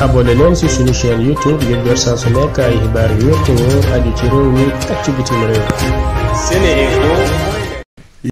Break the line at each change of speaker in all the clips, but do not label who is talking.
abonné leen ci suñu chaîne YouTube ngir jot saa su nekk ay xibaar yu wér te ci réew mi ak ci bitim réew.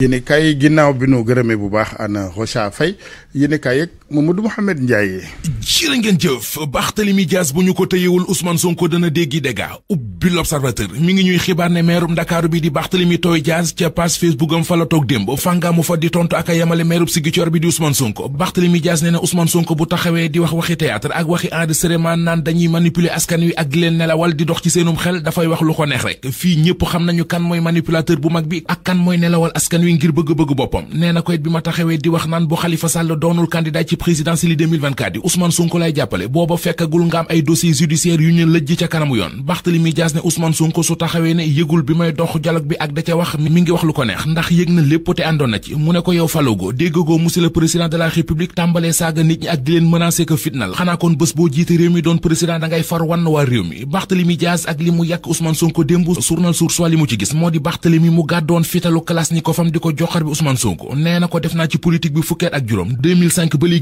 yéen kay ginnaaw bi nu gërëmee bu baax ana Rocha Faye yéen kay Mamadou Mouhamed Ndiaye. jërë ngeen jëf Barthélémy Dias bu ñu ko téyewul Ousmane Sonko dana déggi déga ubbi l'observateur mi ngi ñuy xibaar ne meerub Ndakaaru bi di Barthélémy Toye Dias ca page Facebook am fa la toog démb fàngaamu fa di tontu ak a yemale meerub Ziguinchor bi di Ousmane Sonko Barthélémy Dias nee na Ousmane Sonko bu taxawee di wax waxi théâtre ak waxi enregistrement naan dañuy manipuler askan wi ak di leen nelawal di dox ci seenum xel dafay wax lu ko neex fii ñëpp xam nañu kan mooy manipulateur bu mag bi ak kan mooy nelawal askan wi ngir bëgg-bëgg boppam nee na ma taxawee di wax naan bu Khalifa Sall doonul candidat ci présidentielle yi 2024 yi Ousmane Sonko lay jàppale booba fekkagul nga am ay dossier judiciaire yu ñu lëjj ca kanamu yoon Barthélemy Dias ne Ousmane Sonko su taxawee ne yëgul bi may dox dialogue bi ak da ca wax mi ngi wax lu ko neex ndax yëg na lépp te àndoon na ci mu ne ko yow faloogo déggagoo monsieur le président de la république tàmbalee saaga nit ñi ak di leen menacer ko fitnal xanaa kon bés boo jiite réew mi doon président dangay far wann waa réew mi Barthélemy Dias li mu yàq Ousmane Sonko démb journal Source mu ci gis moo di Barthélemy mu gàddoon fitalu kalas ni ko fam di ko joxar bi Ousmane Sonko nee na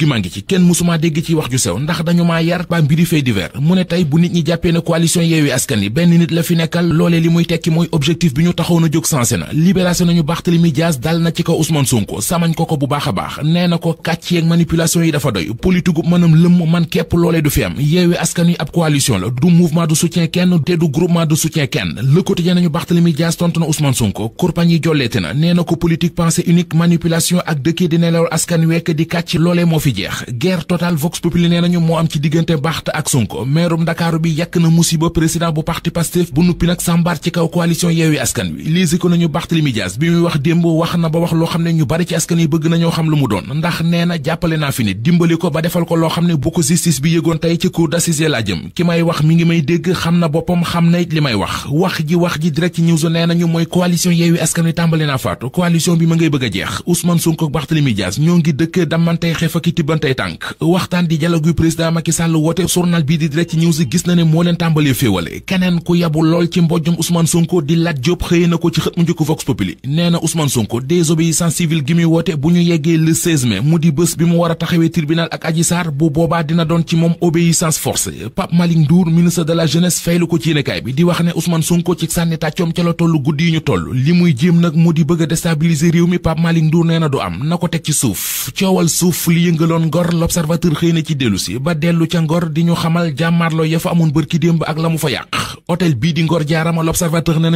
gi maa ngi ci kenn musuma dégg ci wax ju sew ndax dañu maa yar ba mbiri fay divers mu ne tey bu nit ñi jàppee ne coalition yeewi askan benn nit la fi nekkal loolee li muy tekki mooy objectif bi ñu taxaw jóg sensé na libération nañu Barthélemy Dias dal na ci kaw Ousmane Sonko samañ ko ko bu baax a baax nee na ko kàcc yeeg manipulation yi dafa doy politique mënam lëmm man képp loolee du fi am yeewi askan ab coalition la du mouvement du groupement di jeex guerre totale Vox Populi nee nañu moo am ci diggante Barth ak Sonko meerum Dakar bi yàq na musiba président bu parti Pastef bu nuppi nag sàmbaar ci kaw coalition Yewwi Askan Wi liisi ko nañu Barthélémy Dias mu doon ndax nee na jàppale naa fi nit dimbali ko ba defal ko loo xam ne bu ko justice bi yëgoon tey ci cour d'assises laa ki may wax mi ngi may dégg xam na boppam xam na it li may wax wax ji wax ji direct ci news nee nañu mooy coalition Yewwi a jeex Ousmane Sonko ak tibbantey tànk waxtaan di dialogue yu président Macky Sall woote journal bii di direct news gis na ne moo leen tàmbalee féewale keneen ku yabu lool ci mbojjum Ousmane Sonko di Lat Diop xëy na ko ci xët mu njëkk Vox Populi nee na Ousmane Sonko désobéissance civile gi muy woote bu ñu yeggee le 16 mu di bés bi mu war a taxawee tribunal ak Adji bu boobaa dina doon ci moom obéissance forcée Pape Malick Ndour ministre de la jeunesse faylu ko ci a jëloon ngor l'observateur xëy na ci dellu si ba dellu ca ngor di ñu xamal jàmmaarloo ya fa amoon bërki démb ak la mu fa yàq hôtel bii di ngor jaarama l'observateur a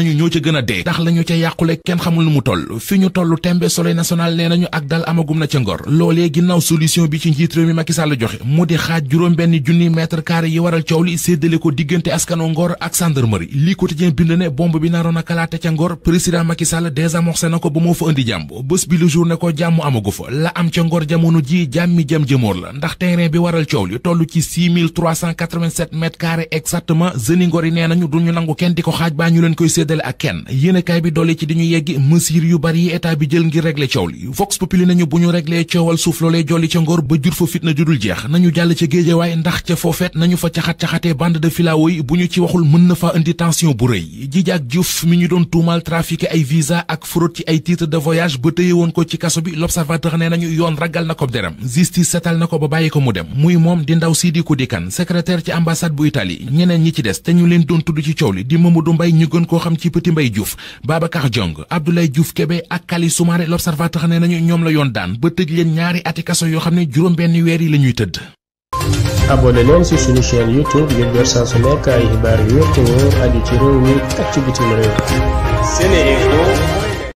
dee ndax la ñu ca yàqule kenn xamul nu mu toll fi ñu toll tembe soleil national nee nañu ak dal amagum na ca ngor loolee ginnaaw solution bi ci njiit réew mi Macky Sall joxe mu di xaaj juróom benn junni mètre carré yi waral coow li séddale ko diggante askano ngor ak gendarmerie lii quotidien bind ne bomb bi naroon a kalaate ca ngor président Macky Sall désamorcé na ko ba moo fa indi jàmm bés bi le jour ne ko jàmm amagu fa la am ca ngor jamono ji jàmmi jëm jëmoor la ndax terrain bi waral coow li toll ci 6387 mètres carrés exactement zëni ngor nee nañu du ñu nangu kenn di ko xaaj baa ñu leen koy séddale ak kenn yéenekaay bi dolli ci di ñu yeggi mesures yu bari yi état bi jël ngir régler coow li vox populi nañu bu ñu régler coowal suuf loolee jolli ca ngor ba jur fa fitna judul jeex nañu jàll ca géejawaay ndax ca foofeet nañu fa caxat-caxatee bande de filao yi bu ñu ci waxul mën na faa indi tension bu rëy woon ko ci kaso bi l'observateur nee nañu justice setal na ko ba bàyyi ko mu dem muy moom di ndaw Sidi Kudikan secrétaire ci ambassade bu Italie ñeneen ñi ci des te ñu leen doon tudd ci coow li di Mamadou Mbaye ñu gën koo xam ci Petit Mbaye Diouf Babacar Diong Abdoulaye Diouf Kébé ak Kali Soumaré l'observateur ne nañu ñoom la yoon daan ba tëj leen ñaari ati yoo xam ne juróom benn weer yi la ñuy tëdd abonné leen ci suñu chaîne youtube ngir jot saa su nekk ay xibaar yu wér te wóor ci réew mi ak ci bitim